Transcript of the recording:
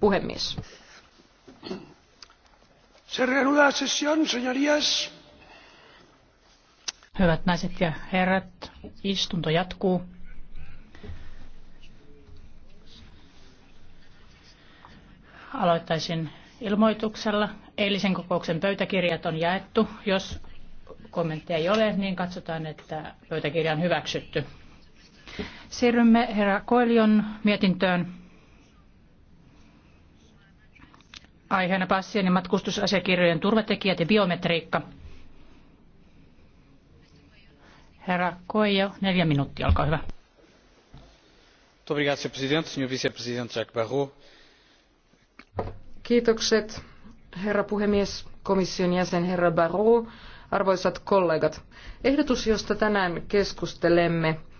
Puhemies. Hyvät naiset ja herrat, istunto jatkuu. Aloittaisin ilmoituksella. Eilisen kokouksen pöytäkirjat on jaettu. Jos kommentteja ei ole, niin katsotaan, että pöytäkirja on hyväksytty. Siirrymme herra Koelion mietintöön. Aiheena passien ja matkustusasiakirjojen turvatekijät ja biometriikka. Herra Koelio, neljä minuuttia, olkaa hyvä. Kiitokset, herra puhemies, komission jäsen herra Barrault, arvoisat kollegat. Ehdotus, josta tänään keskustelemme,